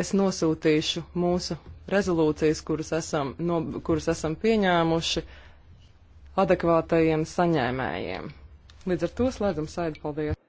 Es nosūtīšu mūsu rezolūcijas, kuras esam, no, kuras esam pieņēmuši, adekvātajiem saņēmējiem. Līdz ar to slēdzam saiti. Paldies!